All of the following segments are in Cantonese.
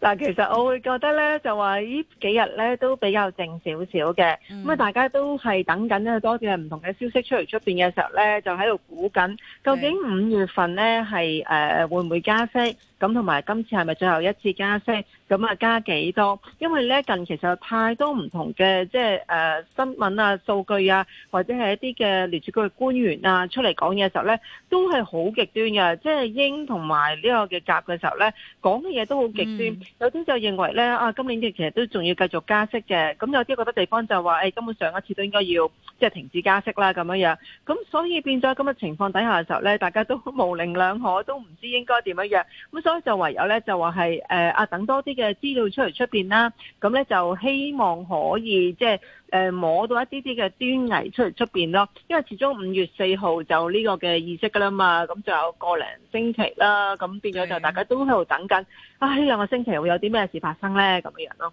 嗱，其實我會覺得咧，就話呢幾日咧都比較靜少少嘅，咁啊、嗯，大家都係等緊咧，多啲唔同嘅消息出嚟出邊嘅時候咧，就喺度估緊究竟五月份咧係誒會唔會加息，咁同埋今次係咪最後一次加息？咁啊加幾多？因為咧近期其實有太多唔同嘅即係誒、呃、新聞啊、數據啊，或者係一啲嘅聯儲局嘅官員啊出嚟講嘢嘅時候咧，都係好極端嘅。即係鷹同埋呢個嘅鴿嘅時候咧，講嘅嘢都好極端。嗯、有啲就認為咧啊，今年嘅其實都仲要繼續加息嘅。咁有啲覺得地方就話誒、欸，根本上一次都應該要即係、就是、停止加息啦咁樣樣。咁所以變咗咁嘅情況底下嘅時候咧，大家都模棱兩可，都唔知應該點樣樣。咁所以就唯有咧就話係誒啊，等多啲嘅資料出嚟出邊啦，咁呢就希望可以即係誒摸到一啲啲嘅端倪出嚟出邊咯，因為始終五月四號就呢個嘅議息噶啦嘛，咁就有個零星期啦，咁變咗就大家都喺度等緊，對啊呢兩個星期會有啲咩事發生呢？咁樣咯。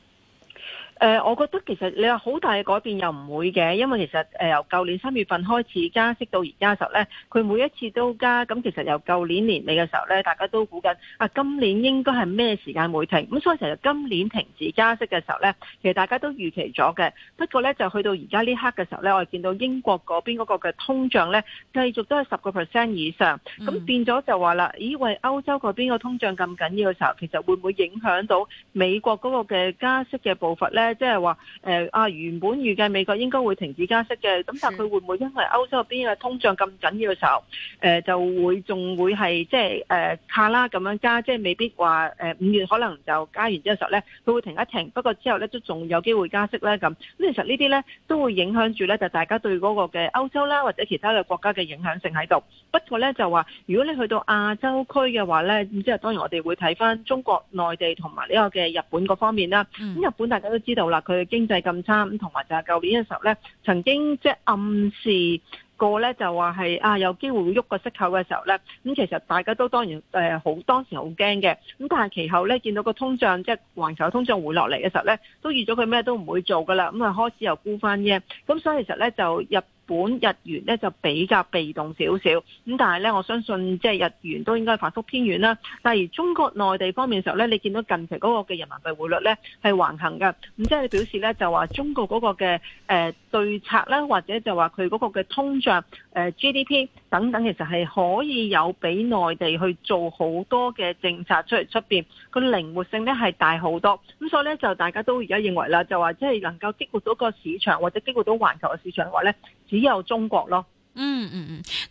誒，我覺得其實你話好大嘅改變又唔會嘅，因為其實誒由舊年三月份開始加息到而家嘅時候咧，佢每一次都加，咁其實由舊年年尾嘅時候咧，大家都估緊啊，今年應該係咩時間會停？咁所以其實今年停止加息嘅時候咧，其實大家都預期咗嘅。不過咧就去到而家呢刻嘅時候咧，我見到英國嗰邊嗰個嘅通脹咧，繼續都係十個 percent 以上，咁變咗就話啦，咦？為歐洲嗰邊個通脹咁緊要嘅時候，其實會唔會影響到美國嗰個嘅加息嘅步伐咧？即係話誒啊，原本預計美國應該會停止加息嘅，咁是但係佢會唔會因為歐洲入邊嘅通脹咁緊要嘅時候，誒、呃、就會仲會係即係誒卡啦咁樣加，即、就、係、是、未必話誒五月可能就加完之後時候咧，佢會停一停，不過之後咧都仲有機會加息咧咁。咁其實呢啲咧都會影響住咧，就大家對嗰個嘅歐洲啦，或者其他嘅國家嘅影響性喺度。不過咧就話，如果你去到亞洲區嘅話咧，咁即係當然我哋會睇翻中國內地同埋呢個嘅日本嗰方面啦。咁、嗯、日本大家都知道。到啦，佢嘅經濟咁差，咁同埋就係舊年嘅時候咧，曾經即係暗示過咧，就話係啊有機會會喐個息口嘅時候咧，咁、嗯、其實大家都當然誒、呃、好當時好驚嘅，咁但係其後咧見到個通脹即係、就是、環球通脹回落嚟嘅時候咧，都預咗佢咩都唔會做噶啦，咁啊開始又沽翻啫。咁所以其實咧就入。本日元咧就比較被動少少，咁但係咧我相信即係日元都應該反覆偏軟啦。但係而中國內地方面嘅時候咧，你見到近期嗰個嘅人民幣匯率咧係橫行㗎，咁即係表示咧就話中國嗰個嘅誒對策咧，或者就話佢嗰個嘅通脹誒 GDP。等等，其實係可以有俾內地去做好多嘅政策出嚟出邊，個靈活性咧係大好多，咁所以咧就大家都而家認為啦，就話即係能夠激活到個市場或者激活到環球嘅市場嘅話咧，只有中國咯。嗯嗯嗯。嗯。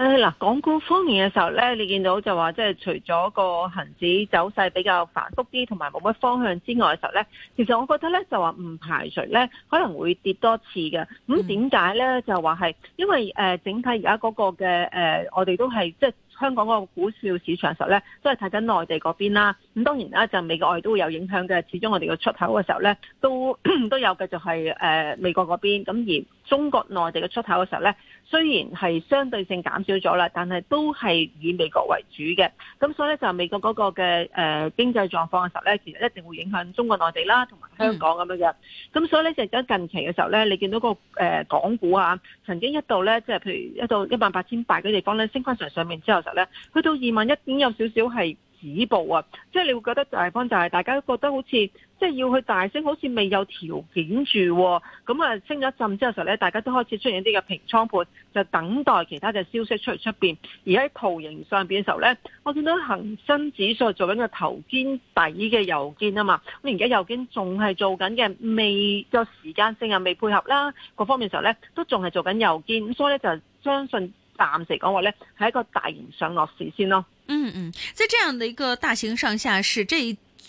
誒嗱，港股方面嘅時候咧，你見到就話即係除咗個恆指走勢比較繁複啲，同埋冇乜方向之外嘅時候咧，其實我覺得咧就話唔排除咧可能會跌多次嘅。咁點解咧？就話係因為誒、呃、整體而家嗰個嘅誒、呃，我哋都係即係香港個股票市場嘅時候咧，都係睇緊內地嗰邊啦。咁當然啦，就美國外都會有影響嘅。始終我哋嘅出口嘅時候咧，都 都有嘅，就係、是、誒、呃、美國嗰邊。咁而中國內地嘅出口嘅時候咧。雖然係相對性減少咗啦，但係都係以美國為主嘅，咁所以咧就美國嗰個嘅誒、呃、經濟狀況嘅時候咧，其實一定會影響中國內地啦同埋香港咁樣嘅，咁所以咧就而家近期嘅時候咧，你見到、個誒、呃、港股啊，曾經一度咧即係譬如一度一萬八千八嘅地方咧，升翻上上面之後時候咧，去到二萬一點有少少係止步啊，即係你會覺得大方就係大家都覺得好似。即係要去大升，好似未有條件住、哦，咁啊升咗一陣之後時，時候咧大家都開始出現一啲嘅平倉盤，就等待其他嘅消息出嚟出邊。而喺圖形上邊嘅時候咧，我見到恒生指數做緊個頭肩底嘅右肩啊嘛，咁而家右肩仲係做緊嘅，未個時間性啊，未配合啦，各方面嘅時候咧都仲係做緊右肩，咁所以咧就相信暫時講話咧係一個大型上落市先咯。嗯嗯，在這樣的一個大型上下市，是這一。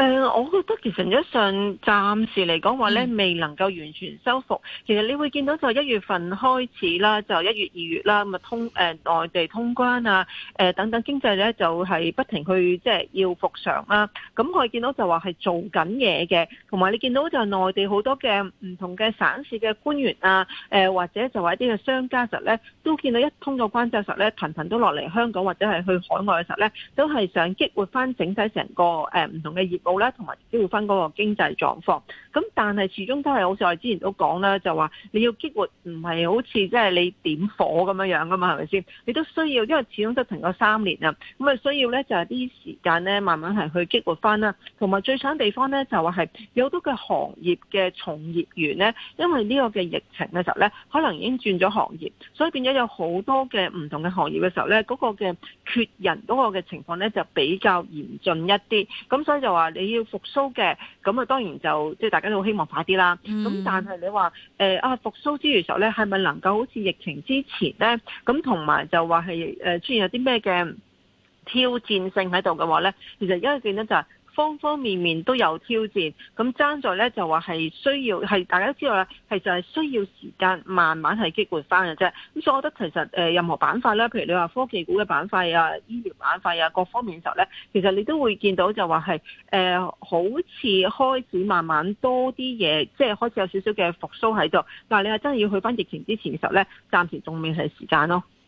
誒、呃，我覺得其實一上暫時嚟講話咧，未能夠完全收復。其實你會見到就一月份開始啦，就一月二月啦，咁啊通誒內、呃、地通關啊，呃、等等經濟咧就係、是、不停去即係要復常啦、啊。咁、嗯、我見到就話係做緊嘢嘅，同埋你見到就內地好多嘅唔同嘅省市嘅官員啊，呃、或者就話一啲嘅商家實咧都見到一通過關就實咧，頻頻都落嚟香港或者係去海外嘅時候咧，都係想激活翻整體成個誒唔、呃、同嘅業務。啦，同埋都要分嗰個經濟狀況。咁但係始終都係好似我之前都講啦，就話你要激活，唔係好似即係你點火咁樣樣噶嘛，係咪先？你都需要，因為始終都停咗三年啊，咁啊需要咧就係啲時間咧，慢慢係去激活翻啦。同埋最慘地方咧就話係有好多嘅行業嘅從業員咧，因為呢個嘅疫情嘅時候咧，可能已經轉咗行業，所以變咗有好多嘅唔同嘅行業嘅時候咧，嗰個嘅缺人嗰個嘅情況咧就比較嚴峻一啲。咁所以就話。你要復甦嘅，咁啊當然就即係大家都好希望快啲啦。咁、嗯、但係你話誒啊復甦之餘時候咧，係咪能夠好似疫情之前咧？咁同埋就話係誒出現有啲咩嘅挑戰性喺度嘅話咧，其實而家見到就係方方面面都有挑戰，咁爭在咧就話係需要係大家都知道啦，係就係需要時間慢慢係激活翻嘅啫。咁所以我覺得其實誒任何板塊咧，譬如你話科技股嘅板塊啊、醫療板塊啊各方面嘅時候咧，其實你都會見到就話係誒好似開始慢慢多啲嘢，即係開始有少少嘅復甦喺度。但係你係真係要去翻疫情之前嘅時候咧，暫時仲未係時間咯。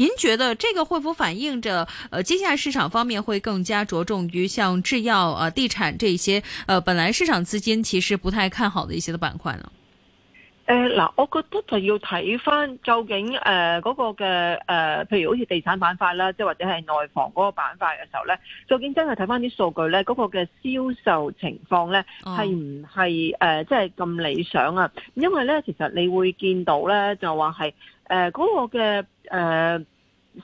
您覺得這個會否反映着，呃，接下來市場方面會更加着重於像製藥、啊、呃、地產這些，呃，本來市場資金其實不太看好的一些的板塊呢？誒，嗱，我覺得就要睇返究竟，誒、呃，嗰、那個嘅，誒、呃，譬如好似地產板塊啦，即或者係內房嗰個板塊嘅時候咧，究竟真係睇返啲數據咧，嗰、那個嘅銷售情況咧係唔係，誒、哦，即係咁理想啊？因為咧，其實你會見到咧，就話係，誒、呃，嗰、那個嘅，誒、呃。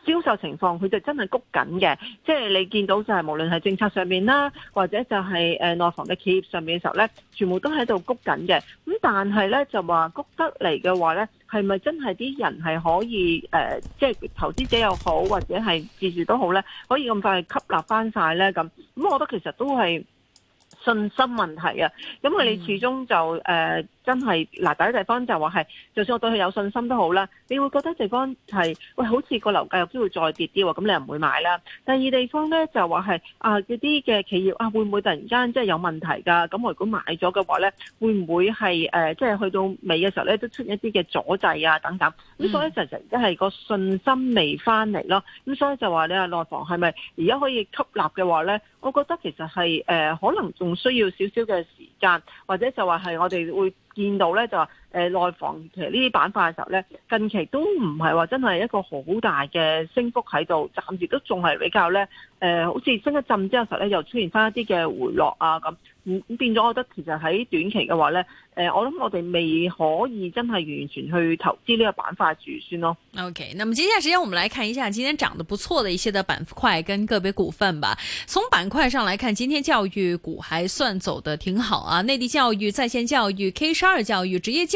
銷售情況佢就真係谷緊嘅，即係你見到就係、是、無論係政策上面啦，或者就係誒內房嘅企業上面嘅時候咧，全部都喺度谷緊嘅。咁但係咧就話谷得嚟嘅話咧，係咪真係啲人係可以誒、呃，即係投資者又好，或者係自住都好咧，可以咁快吸納翻晒咧咁？咁我覺得其實都係信心問題啊，咁佢你始終就誒。呃真係嗱，第一地方就話係，就算我對佢有信心都好啦，你會覺得地方係喂，好似個樓價有機會再跌啲喎，咁你又唔會買啦。第二地方咧就話係啊，嗰啲嘅企業啊，會唔會突然間即係有問題㗎？咁我如果買咗嘅話咧，會唔會係、呃、即係去到尾嘅時候咧都出一啲嘅阻滯啊等等？咁、嗯、所，所以就成一係個信心未翻嚟咯。咁所以就話你話內房係咪而家可以吸納嘅話咧？我覺得其實係、呃、可能仲需要少少嘅時間，或者就話係我哋會。見到咧就話、是。誒，內、呃、房其實呢啲板塊嘅時候咧，近期都唔係話真係一個好大嘅升幅喺度，暫時都仲係比較咧，誒、呃，好似升一浸之後時候呢，實咧又出現翻一啲嘅回落啊，咁咁、嗯、變咗，我覺得其實喺短期嘅話咧，誒、呃，我諗我哋未可以真係完全去投資呢個板塊住先咯。OK，咁啊，接下來時間我們來看一下今天漲得不錯的一些嘅板塊跟個別股份吧。從板塊上來看，今天教育股還算走得挺好啊，內地教育、在線教育、K 十二教育、職業。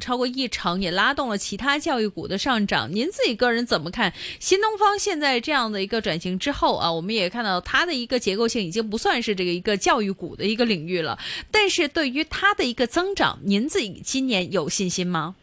超過一成，也拉動了其他教育股的上漲。您自己個人怎麼看新東方現在這樣的一個轉型之後啊？我們也看到它的一個結構性已經不算是這個一個教育股的一個領域了。但是對於它的一個增長，您自己今年有信心嗎？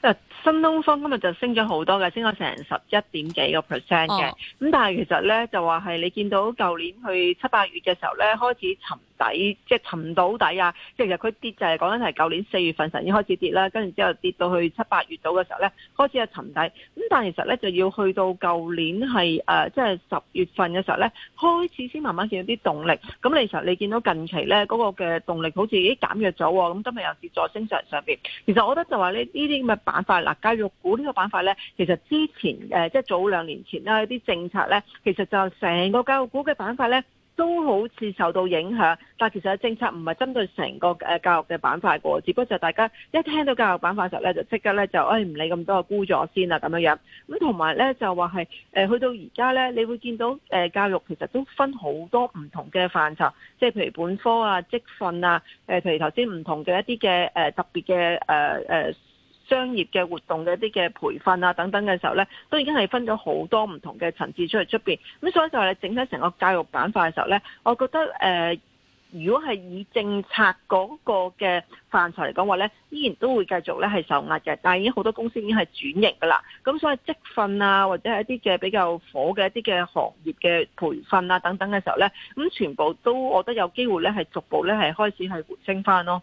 呃，新東方今日就升咗好多嘅，升咗成十一點幾個 percent 嘅。咁、oh. 但係其實呢，就話係你見到舊年去七八月嘅時候呢，開始沉。底即係、就是、沉到底啊！其實佢跌就係講緊係，舊年四月份就已經開始跌啦，跟住之後跌到去七八月度嘅時候咧，開始有沉底。咁但係其實咧就要去到舊年係誒，即係十月份嘅時候咧，開始先慢慢見到啲動力。咁你其實你見到近期咧嗰、那個嘅動力好似已經減弱咗。咁今日又跌咗升上上邊。其實我覺得就話咧、啊、呢啲咁嘅板塊，嗱，教育股呢個板塊咧，其實之前誒、即、呃、係、就是、早兩年前啦，啲政策咧，其實就成個教育股嘅板塊咧。都好似受到影響，但係其實政策唔係針對成個誒教育嘅板塊個，只不過就大家一聽到教育板塊時候咧，就即刻咧就誒唔、哎、理咁多，沽咗先啊咁樣樣。咁同埋咧就話係誒去到而家咧，你會見到誒、呃、教育其實都分好多唔同嘅範疇，即係譬如本科啊、職訓啊，誒、呃、譬如頭先唔同嘅一啲嘅誒特別嘅誒誒。呃呃商業嘅活動嘅一啲嘅培訓啊等等嘅時候呢，都已經係分咗好多唔同嘅層次出嚟出面，咁所以就係整體成個教育板塊嘅時候呢，我覺得誒、呃，如果係以政策嗰個嘅範疇嚟講話呢，依然都會繼續呢係受壓嘅，但係已經好多公司已經係轉型㗎喇，咁所以積分啊或者係一啲嘅比較火嘅一啲嘅行業嘅培訓啊等等嘅時候呢，咁全部都我覺得有機會呢係逐步呢係開始係回升返囉。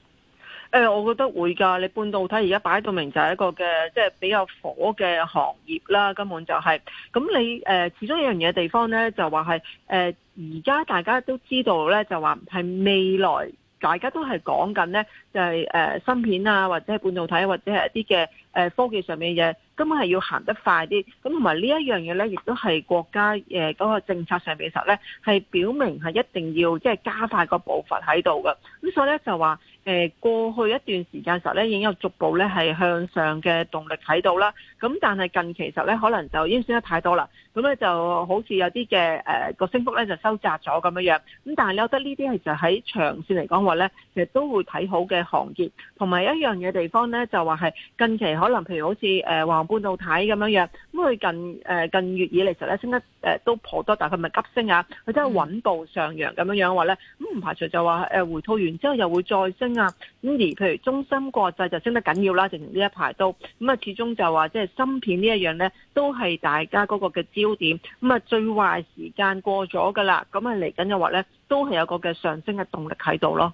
誒、欸，我覺得會㗎。你半導體而家擺到明就，就係一個嘅，即係比較火嘅行業啦。根本就係、是、咁，你誒、呃，始終有樣嘢嘅地方咧，就話係誒，而、呃、家大家都知道咧，就話係未來大家都係講緊咧。就係、是、誒、呃、芯片啊，或者係半導體、啊，或者係一啲嘅誒科技上面嘅嘢，根本係要行得快啲。咁同埋呢一樣嘢咧，亦都係國家誒嗰、呃那個政策上邊時候咧，係表明係一定要即係、就是、加快個步伐喺度嘅。咁所以咧就話誒、呃、過去一段時間時候咧，已經有逐步咧係向上嘅動力喺度啦。咁但係近期實咧可能就已經升得太多啦。咁咧就好似有啲嘅誒個升幅咧就收窄咗咁樣樣。咁但係你覺得呢啲係就喺長線嚟講話咧，其實都會睇好嘅。行業同埋一樣嘅地方咧，就話係近期可能，譬如好似誒華虹半導體咁樣樣，咁佢近誒、呃、近月以嚟實咧升得誒都頗多，但係佢唔係急升啊，佢真係穩步上揚咁樣樣話咧，咁唔排除就話誒回吐完之後又會再升啊，咁而譬如中芯國際就升得緊要啦，直情呢一排都，咁啊始終就話即係芯片呢一樣咧，都係大家嗰個嘅焦點，咁啊最壞時間過咗噶啦，咁啊嚟緊嘅話咧都係有個嘅上升嘅動力喺度咯。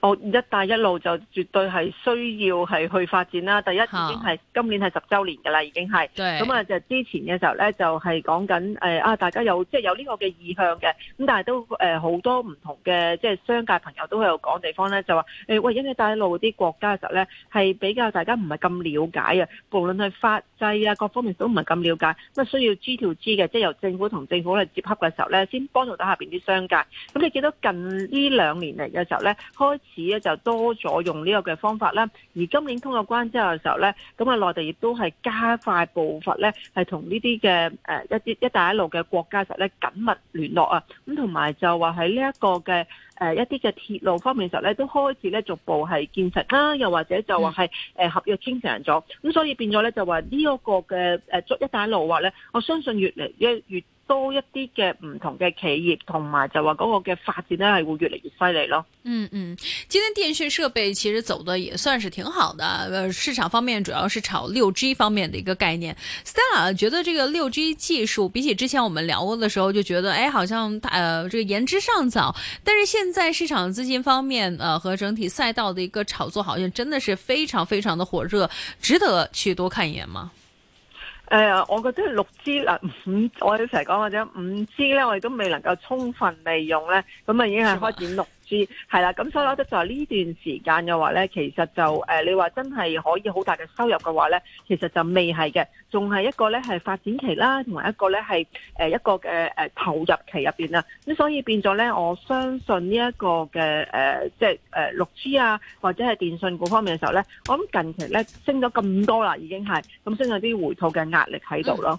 我、oh, 一帶一路就絕對係需要係去發展啦。第一已經係今年係十週年嘅啦，已經係。咁啊對、嗯，就之前嘅時候咧，就係、是、講緊啊、呃，大家有即係有呢個嘅意向嘅。咁但係都誒好、呃、多唔同嘅即係商界朋友都喺度講地方咧，就話喂、欸，喂，因為一帶一路啲國家嘅時候咧，係比較大家唔係咁了解嘅，無論係法制啊各方面都唔係咁了解，咁啊需要 G2G 嘅，即係由政府同政府去接洽嘅時候咧，先幫助到下面啲商界。咁你記得近呢兩年嚟嘅時候咧，開始咧就多咗用呢個嘅方法啦，而今年通過關之後嘅時候咧，咁啊內地亦都係加快步伐咧，係同呢啲嘅誒一啲一帶一路嘅國家實咧緊密聯絡啊，咁同埋就話喺呢一個嘅誒一啲嘅鐵路方面時候咧都開始咧逐步係建成啦，又或者就話係誒合約傾成咗，咁、嗯、所以變咗咧就話呢一個嘅誒一一帶一路話咧，我相信越嚟越越。多一啲嘅唔同嘅企業，同埋就話嗰個嘅發展呢，係會越嚟越犀利咯。嗯嗯，今天電訊設備其實走得也算是挺好的。呃，市場方面主要是炒六 G 方面的一個概念。Stella 覺得這個六 G 技術比起之前我們聊過嘅時候就覺得，哎好像，呃，這個言之尚早。但是現在市場資金方面，呃，和整體賽道的一個炒作，好像真的是非常非常的火熱，值得去多看一眼嗎？誒、呃，我覺得六 G，嗱，五，我哋成日講或者五 G，咧我哋都未能夠充分利用咧，咁啊已經係開展六。係啦，咁所以我覺得就係呢段時間嘅話咧，其實就誒，你話真係可以好大嘅收入嘅話咧，其實就未係嘅，仲係一個咧係發展期啦，同埋一個咧係誒一個嘅誒投入期入邊啦，咁所以變咗咧，我相信呢一個嘅誒，即係誒六 G 啊或者係電信股方面嘅時候咧，我諗近期咧升咗咁多啦，已經係咁，升咗啲回吐嘅壓力喺度咯。